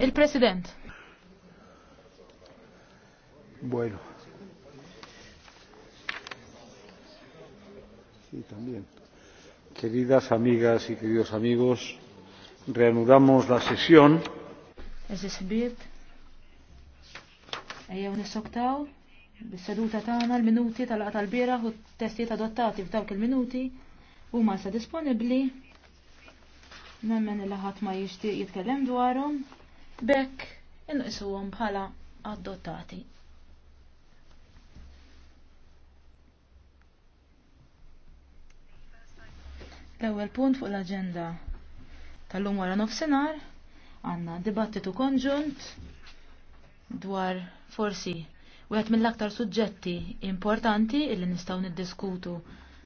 Il-President. Bueno. Sí, también. Queridas amigas y queridos amigos, reanudamos la sesión. Es esbib. Ejjew nisoktaw bis-seduta tagħna l-minuti tal-qatal tal-bieraħ u t-testijiet adottati f'dawk il-minuti huma sa disponibbli nemmen il-ħadd ma jixtieq jitkellem dwarhom bekk għom bħala adottati. L-ewwel punt fuq l-aġenda tal-lum għara nofsenar għandna dibattitu konġunt dwar forsi wieħed mill-aktar suġġetti importanti illi nistgħu niddiskutu